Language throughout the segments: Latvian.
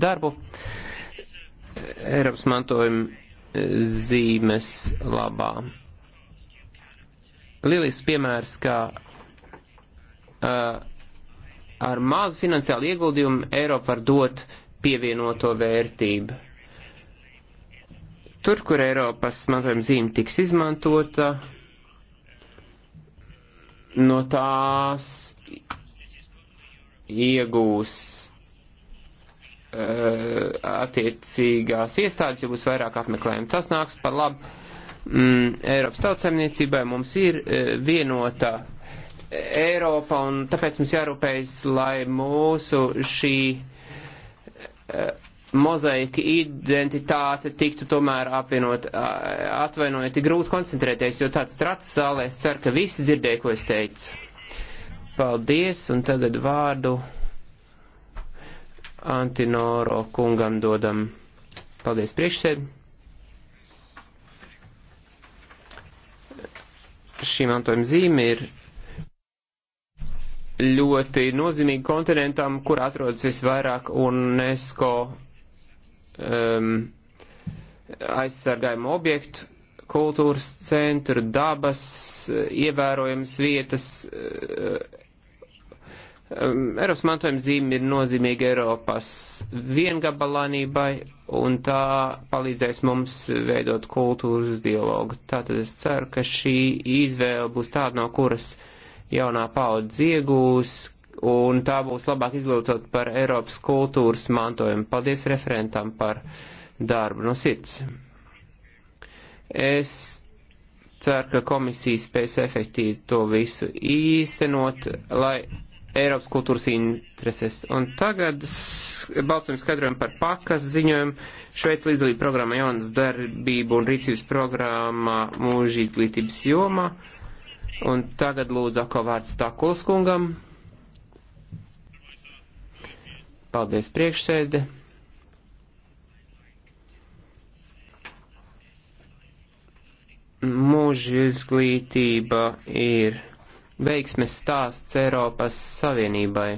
darbu. Eiropas mantojuma e, zīmes labā. Lielisks piemērs, kā uh, ar mazu finansiālu ieguldījumu Eiropa var dot pievienoto vērtību. Tur, kur Eiropas mantojuma zīme tiks izmantota, no tās iegūs Eh, attiecīgās iestādes, ja būs vairāk apmeklējumu. Tas nāks par labu mm, Eiropas tautsēmniecībai. Mums ir eh, vienota Eiropa, un tāpēc mums jārūpējas, lai mūsu šī eh, mozaika identitāte tiktu tomēr apvienot, atvainojiet, ir grūti koncentrēties, jo tāds trats zālē, es ceru, ka visi dzirdēja, ko es teicu. Paldies, un tagad vārdu Antinoro kungam dodam. Paldies priekšsēd. Šī mantojuma zīme ir ļoti nozīmīga kontinentam, kur atrodas visvairāk UNESCO um, aizsargājumu objektu, kultūras centru, dabas, ievērojams vietas, uh, Um, Eiropas mantojuma zīme ir nozīmīga Eiropas viengabalainībai, un tā palīdzēs mums veidot kultūras dialogu. Tātad es ceru, ka šī izvēle būs tāda, no kuras jaunā paudze iegūs, un tā būs labāk izglītot par Eiropas kultūras mantojumu. Paldies referentam par darbu no sirds. Es ceru, ka komisija spēs efektīvi to visu īstenot, lai Eiropas kultūras intereses. Un tagad balsojumu skaidrojumu par pakas ziņojumu Šveic līdzdalību programmā jaunas darbību un rīcības programmā mūža izglītības jomā. Un tagad lūdzu atkal vārds Takuls kungam. Paldies priekšsēde. Mūža izglītība ir veiksmes stāsts Eiropas Savienībai.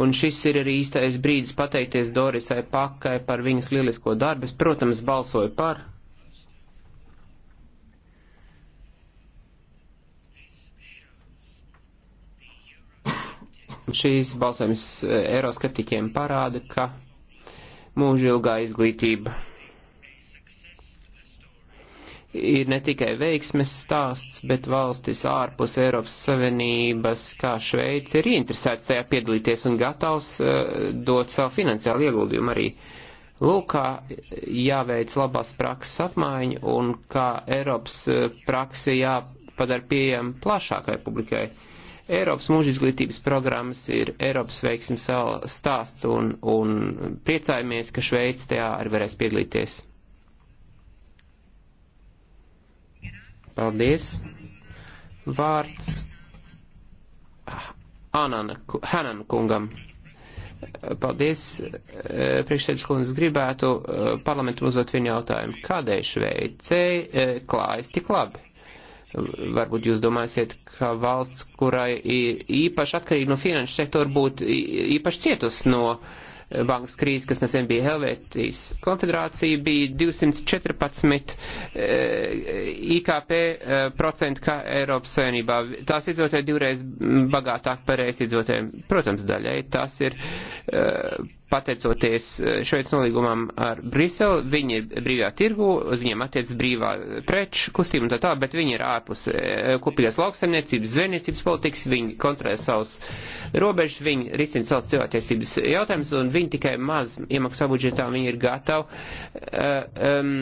Un šis ir arī īstais brīdis pateikties Dorisai Pakai par viņas lielisko darbu. Es, protams, balsoju par. Šīs balsojums eh, eiroskeptiķiem parāda, ka mūžilgā izglītība ir ne tikai veiksmes stāsts, bet valstis ārpus Eiropas Savienības, kā Šveica, ir interesēts tajā piedalīties un gatavs uh, dot savu finansiālu ieguldījumu arī. Lūk, kā jāveic labās prakses apmaiņa un kā Eiropas eh, praksi jāpadara pieejama plašākai publikai. Eiropas mūža izglītības programmas ir Eiropas veiksmes stāsts un, un priecājamies, ka Šveica tajā arī varēs piedalīties. Paldies. Vārds Anana, Hanan kungam. Paldies, eh, priekšsēdus kundze, gribētu eh, parlamentam uzdot vienu jautājumu. Kādēļ Šveicē eh, klājas tik labi? Varbūt jūs domāsiet, ka valsts, kurai īpaši atkarīgi no finanšu sektora, būtu īpaši cietus no uh, bankas krīze, kas nesen bija Helvētijas konfederācija, bija 214 IKP procentu kā Eiropas Savienībā. Tās iedzīvotāji divreiz bagātāk par reiz iedzīvotājiem. Protams, daļai tas ir eh, pateicoties eh, šoiet nolīgumam ar Briselu, viņi ir brīvā tirgu, uz viņiem attiec brīvā preču kustība un tā tā, bet viņi ir ārpus eh, kopīgās lauksaimniecības, zvejniecības politikas, viņi kontrolē savus robežas, viņi risina savus cilvēktiesības jautājumus un viņi tikai maz iemaksā budžetā, viņi ir gatavi. Uh, um,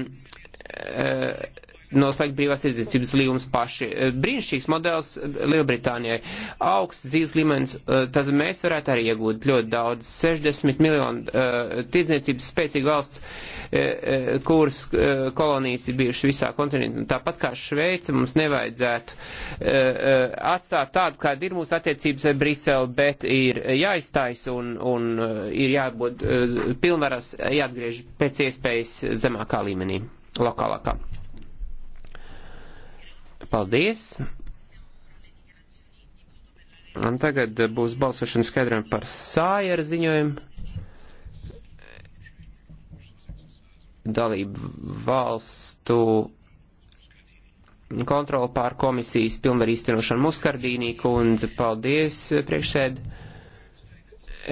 uh, noslēgt brīvās tirdzniecības līgumus paši. Eh, brīnišķīgs modelis eh, Lielbritānijai. Augsts dzīves līmenis, eh, tad mēs varētu arī iegūt ļoti daudz. 60 miljonu tirdzniecības spēcīga valsts, kuras kolonijas ir bijušas visā kontinentā. Tāpat kā Šveica mums nevajadzētu atstāt tādu, kāda ir mūsu attiecības ar Briselu, bet ir jāiztais un, un ir jābūt pilnvaras jāatgriež pēc iespējas zemākā līmenī, lokālākā. Paldies! Un tagad būs balsošana skaidrojumi par sājera ziņojumu. Dalību valstu kontroli pār komisijas pilnvaru īstenošanu Muskardīnī kundze. Paldies, priekšsēd.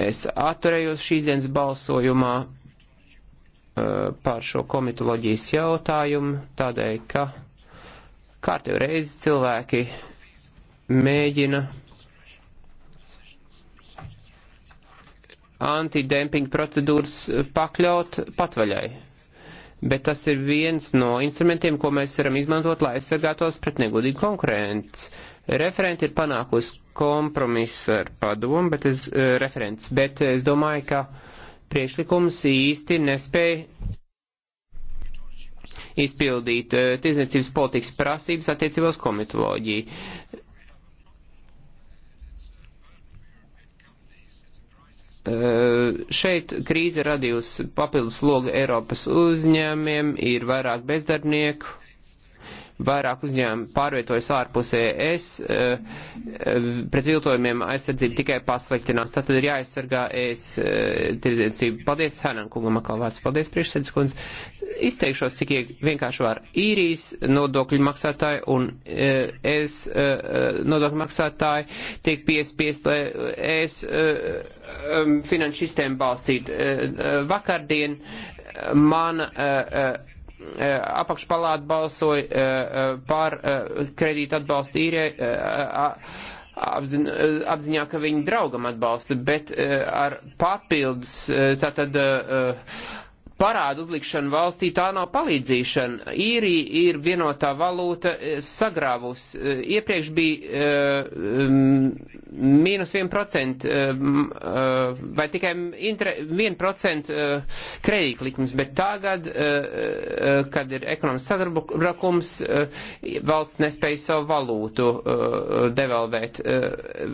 Es atturējos šīs dienas balsojumā uh, eh, pār šo komitoloģijas jautājumu, tādēļ, ka. Kārtējo reizi cilvēki mēģina antidempinga procedūras pakļaut patvaļai. Bet tas ir viens no instrumentiem, ko mēs varam izmantot, lai aizsargātos pret negodīgu konkurenci. Referenti ir panākusi kompromisu ar padomu, bet es, uh, referents, bet es domāju, ka priekšlikums īsti nespēja izpildīt eh, tiesniecības politikas prasības attiecībā uz komitoloģiju. Eh, šeit krīze radījusi papildus slogu Eiropas uzņēmiem, ir vairāk bezdarbnieku, vairāk uzņēmumi pārvietojas ārpusē. Es eh, eh, pret viltojumiem aizsardzību tikai pasliktinās. Tātad ir jāaizsargā es eh, tirdzniecību. Paldies, Hanan kungam, atkal vārds. Paldies, priekšsēdus kundz. Izteikšos, cik vienkārši var īrijas nodokļu maksātāji un es nodokļu maksātāji tiek piespiest, lai es finanšu sistēmu balstītu. Vakardien man uh, Eh, apakšpalāta balsoja eh, eh, par kredītu atbalstu īrē apziņā, ka viņa draugam atbalsta, bet ar papildus tātad parādu uzlikšana valstī tā nav palīdzīšana. Īrija ir vienotā valūta eh, sagrāvus. Eh, iepriekš bija uh, mīnus 1% uh, vai tikai intre, 1% uh, kredītlikums, bet tagad, uh, kad ir ekonomisks sagrabrakums, uh, valsts nespēja savu valūtu uh, devalvēt. Uh,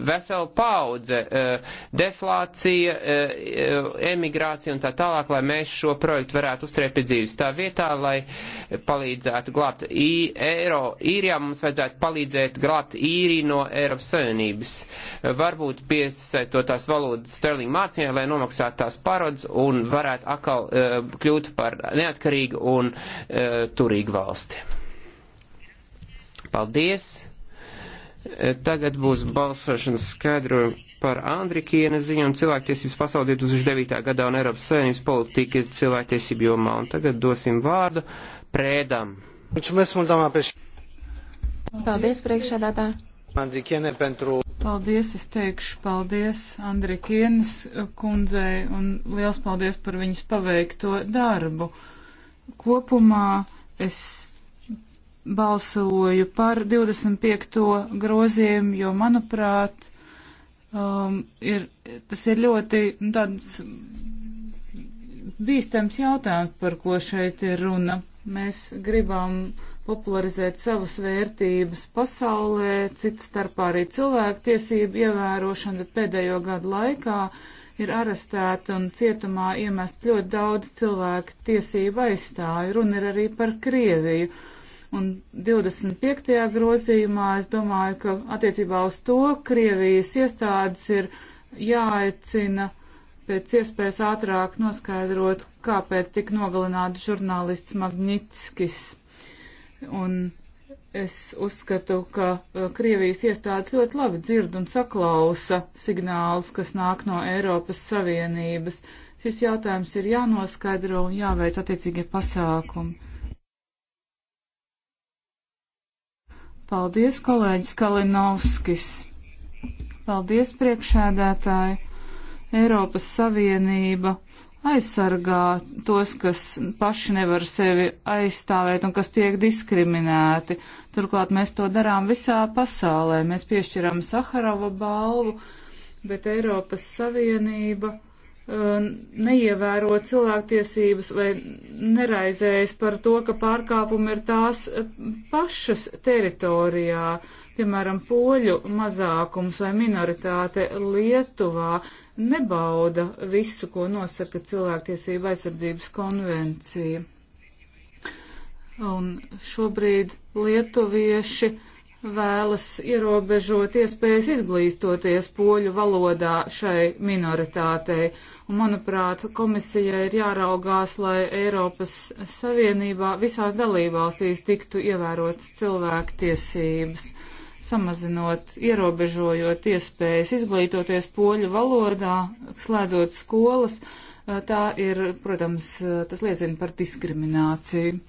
vesela paudze, uh, deflācija, uh, emigrācija un tā tālāk, lai mēs šo projektu projektu varētu uzturēt pie dzīves. Tā vietā, lai palīdzētu glābt eiro īrijā, mums vajadzētu palīdzēt glābt īriju no Eiropas Savienības. Varbūt piesaistot tās valodas sterlingu mācījumā, lai nomaksātu tās parodas un varētu atkal uh, kļūt par neatkarīgu un uh, turīgu valsti. Paldies! Tagad būs balsošanas skaidrojumi par Andrikiena ziņām cilvēktiesības pasaulē 2009. gadā un Eiropas Savienības politika cilvēktiesību jomā. Un tagad dosim vārdu prēdam. Paldies, priekšsēdētā. Andrikiene pentru. Paldies, es teikšu paldies Andrikienas kundzei un liels paldies par viņas paveikto darbu. Kopumā es balsoju par 25. grozījumu, jo, manuprāt, um, ir, tas ir ļoti nu, tāds bīstams jautājums, par ko šeit ir runa. Mēs gribam popularizēt savas vērtības pasaulē, cits starpā arī cilvēktiesību ievērošana, bet pēdējo gadu laikā ir arestēta un cietumā iemest ļoti daudz cilvēku tiesību aizstāju. Runa ir arī par Krieviju Un 25. grozījumā es domāju, ka attiecībā uz to Krievijas iestādes ir jāaicina pēc iespējas ātrāk noskaidrot, kāpēc tika nogalināts žurnālists Magnitskis. Un es uzskatu, ka e, Krievijas iestādes ļoti labi dzird un saklausa signālus, kas nāk no Eiropas Savienības. Šis jautājums ir jānoskaidro un jāveic attiecīgie pasākumi. Paldies, kolēģis Kalinovskis. Paldies, priekšēdētāji. Eiropas Savienība aizsargā tos, kas paši nevar sevi aizstāvēt un kas tiek diskriminēti. Turklāt mēs to darām visā pasaulē. Mēs piešķiram Saharova balvu, bet Eiropas Savienība Uh, neievēro cilvēktiesības vai neraizējas par to, ka pārkāpumi ir tās uh, pašas teritorijā. Piemēram, poļu mazākums vai minoritāte Lietuvā nebauda visu, ko nosaka cilvēktiesība aizsardzības konvencija. Un šobrīd lietuvieši vēlas ierobežot iespējas izglītoties poļu valodā šai minoritātei. Un, manuprāt, komisijai ir jāraugās, lai Eiropas Savienībā visās dalībvalstīs tiktu ievērotas cilvēku tiesības, samazinot, ierobežojot iespējas izglītoties poļu valodā, slēdzot skolas. Tā ir, protams, tas liecina par diskrimināciju.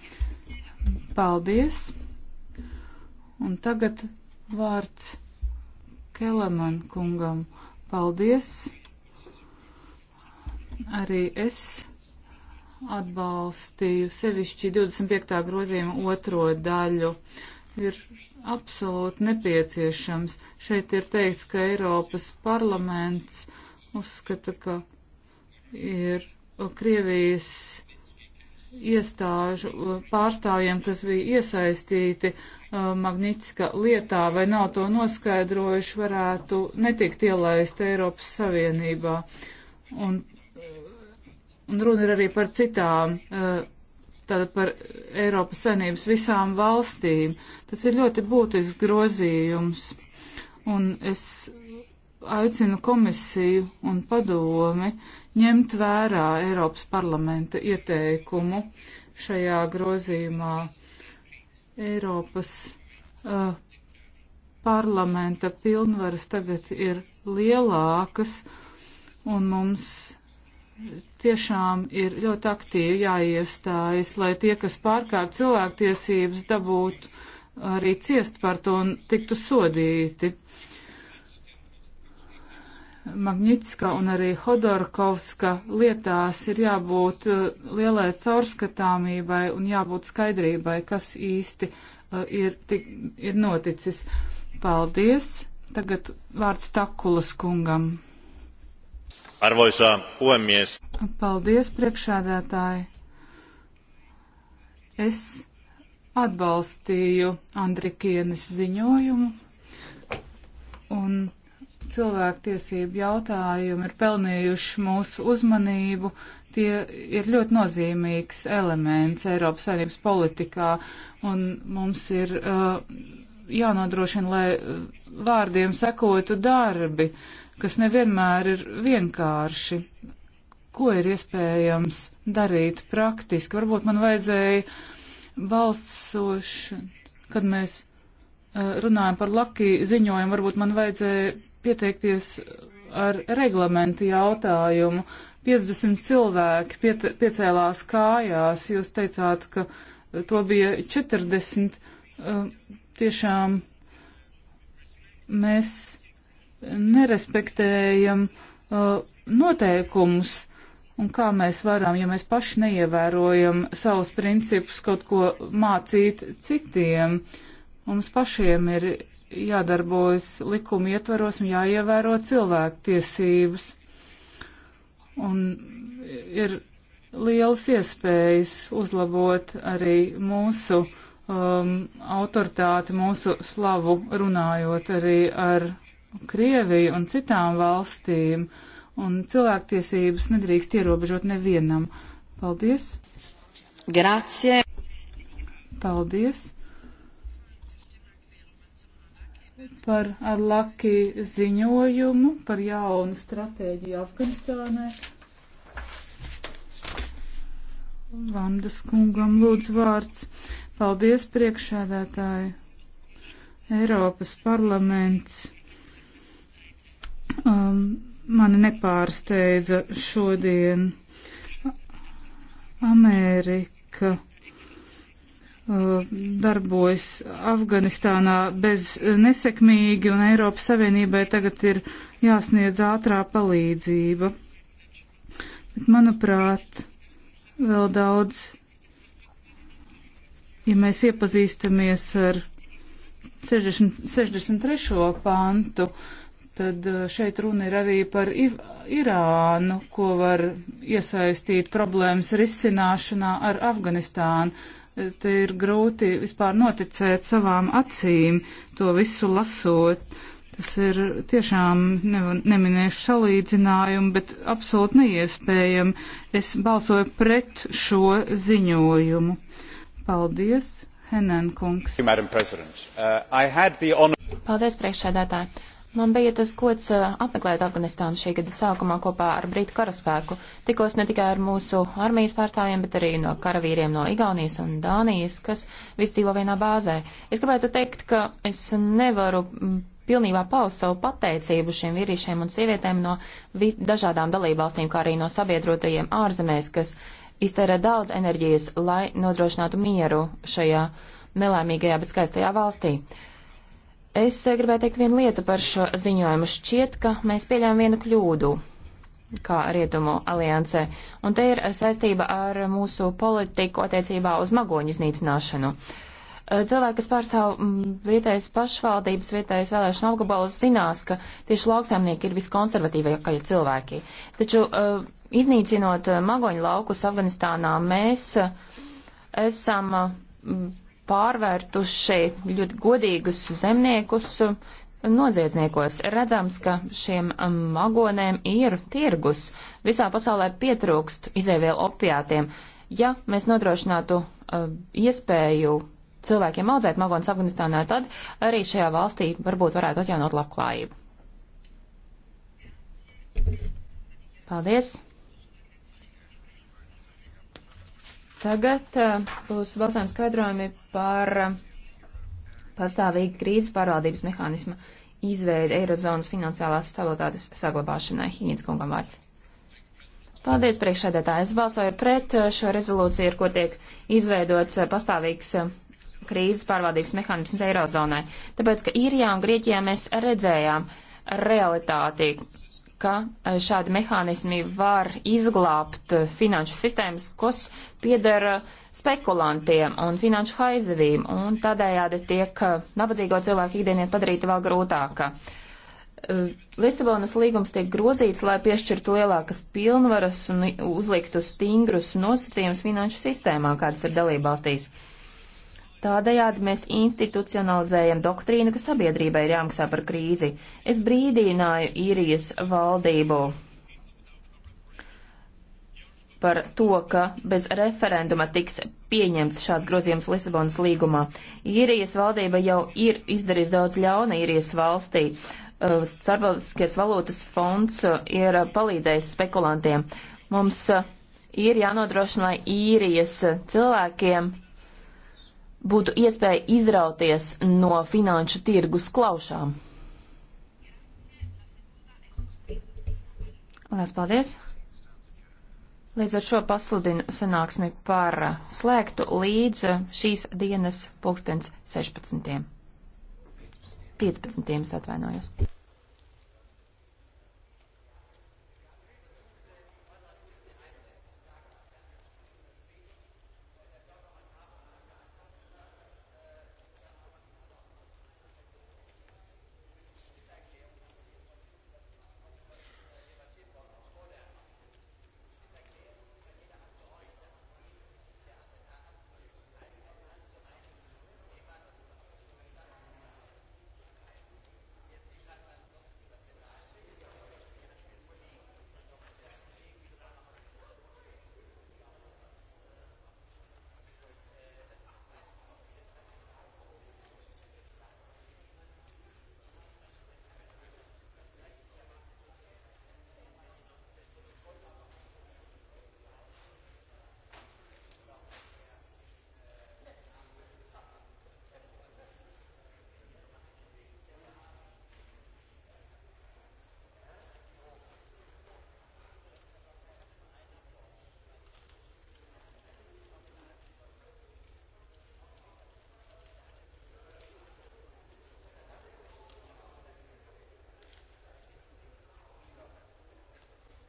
Paldies! Un tagad vārds Keleman kungam. Paldies! Arī es atbalstīju sevišķi 25. grozījuma otro daļu. Ir absolūti nepieciešams. Šeit ir teikts, ka Eiropas parlaments uzskata, ka ir Krievijas iestāžu uh, pārstāvjiem, kas bija iesaistīti uh, Magnitska lietā vai nav to noskaidrojuši, varētu netikt ielaist Eiropas Savienībā. Un, un runa ir arī par citām, uh, tātad par Eiropas Savienības visām valstīm. Tas ir ļoti būtisks grozījums. Un es aicinu komisiju un padomi ņemt vērā Eiropas parlamenta ieteikumu šajā grozījumā. Eiropas uh, parlamenta pilnvaras tagad ir lielākas un mums tiešām ir ļoti aktīvi jāiestājas, lai tie, kas pārkāp cilvēktiesības, dabūtu arī ciest par to un tiktu sodīti. Uh, Magnitska un arī Hodorkovska lietās ir jābūt uh, lielai caurskatāmībai un jābūt skaidrībai, kas īsti uh, ir, tik, ir noticis. Paldies! Tagad vārds Takulas kungam. Arvoisā puhemies. Paldies, priekšādātāji. Es atbalstīju Andrikienes ziņojumu un cilvēktiesību jautājumi ir pelnījuši mūsu uzmanību. Tie ir ļoti nozīmīgs elements Eiropas saimnības politikā, un mums ir uh, jānodrošina, lai uh, vārdiem sekotu darbi, kas nevienmēr ir vienkārši. Ko ir iespējams darīt praktiski? Varbūt man vajadzēja balsošanu, kad mēs uh, runājam par Laki ziņojumu, varbūt man vajadzēja pieteikties ar reglamentu jautājumu. 50 cilvēki piet, piecēlās kājās, jūs teicāt, ka to bija 40. Tiešām mēs nerespektējam noteikumus, un kā mēs varam, ja mēs paši neievērojam savus principus, kaut ko mācīt citiem. Mums pašiem ir jādarbojas likuma ietvaros un jāievēro cilvēku tiesības. Un ir liels iespējas uzlabot arī mūsu um, autoritāti, mūsu slavu runājot arī ar Krieviju un citām valstīm. Un cilvēktiesības nedrīkst ierobežot nevienam. Paldies! Grazie! Paldies! par ar Laki ziņojumu par jaunu stratēģiju Afganistānai. Vandas kungam lūdzu vārds. Paldies priekšādātāji. Eiropas parlaments. Um, mani nepārsteidza šodien Amerika darbojas Afganistānā bez nesekmīgi, un Eiropas Savienībai tagad ir jāsniedz ātrā palīdzība. Bet, manuprāt, vēl daudz, ja mēs iepazīstamies ar 60, 63. pantu, tad eh, šeit runa ir arī par Irānu, ko var iesaistīt problēmas risināšanā ar Afganistānu te ir grūti vispār noticēt savām acīm, to visu lasot. Tas ir tiešām, ne, neminēšu salīdzinājumu, bet absolūti neiespējami. Es balsoju pret šo ziņojumu. Paldies, Henenkungs. Uh, Paldies, priekšsēdētāji. Man bija tas gods eh, apmeklēt Afganistānu šī gada sākumā kopā ar Brītu karaspēku. Tikos ne tikai ar mūsu armijas pārstāvjiem, bet arī no karavīriem no Igaunijas un Dānijas, kas visi dzīvo vienā bāzē. Es gribētu teikt, ka es nevaru mm, pilnībā paust savu pateicību šiem vīriešiem un sievietēm no dažādām dalībvalstīm, kā arī no sabiedrotajiem ārzemēs, kas iztērē daudz enerģijas, lai nodrošinātu mieru šajā nelēmīgajā, bet skaistajā valstī. Uh, Es gribēju teikt vienu lietu par šo ziņojumu. Šķiet, ka mēs pieļām vienu kļūdu kā Rietumu aliansē, un te ir saistība ar mūsu politiku attiecībā uz magoņu iznīcināšanu. Cilvēki, kas pārstāv mm, vietējas pašvaldības, vietējas vēlēšana apgabalus, zinās, ka tieši lauksaimnieki ir viskonservatīvākie cilvēki. Taču eh, iznīcinot magoņu laukus Afganistānā, mēs eh, esam mm, pārvērtuši ļoti godīgus zemniekus noziedzniekos. Redzams, ka šiem magonēm um, ir tirgus. Visā pasaulē pietrūkst izēvielu opiātiem. Ja mēs nodrošinātu uh, iespēju cilvēkiem audzēt magonas Afganistānā, tad arī šajā valstī varbūt varētu atjaunot labklājību. Paldies! Tagad eh, būs balsājums skaidrojumi par eh, pastāvīgi krīzes pārvaldības mehānismu izveidi Eirozonas finansiālās stabilitātes saglabāšanai. Hīnīts kungam vārds. Paldies, priekšsēdētāji. Es balsoju pret eh, šo rezolūciju, ar ko tiek izveidots pastāvīgs krīzes pārvaldības mehānisms Eirozonai. Tāpēc, ka Īrijā un Grieķijā mēs redzējām realitāti, ka e, šādi mehānismi var izglābt e, finanšu sistēmas, kas piedara e, spekulantiem un finanšu haizivīm, un tādējādi tiek nabadzīgo cilvēku ikdienē padarīta vēl grūtāka. Lisabonas līgums tiek grozīts, lai piešķirtu lielākas pilnvaras un uzliktu stingrus nosacījumus finanšu sistēmā, kādas ir dalībvalstīs. valstīs. Tādējādi mēs institucionalizējam doktrīnu, ka sabiedrībai ir jāmaksā par krīzi. Es brīdināju īrijas valdību par to, ka bez referenduma tiks pieņemts šāds grozījums Lisabonas līgumā. Īrijas valdība jau ir izdarījusi daudz ļauna īrijas valstī. Uh, Starptautiskais valūtas fonds uh, ir palīdzējis spekulantiem. Mums uh, ir jānodrošina, lai īrijas cilvēkiem būtu iespēja izrauties no finanšu tirgus klaušām. Lielas paldies! Līdz ar šo pasludinu sanāksmi par slēgtu līdz šīs dienas pulkstens 16. 15. atvainojos.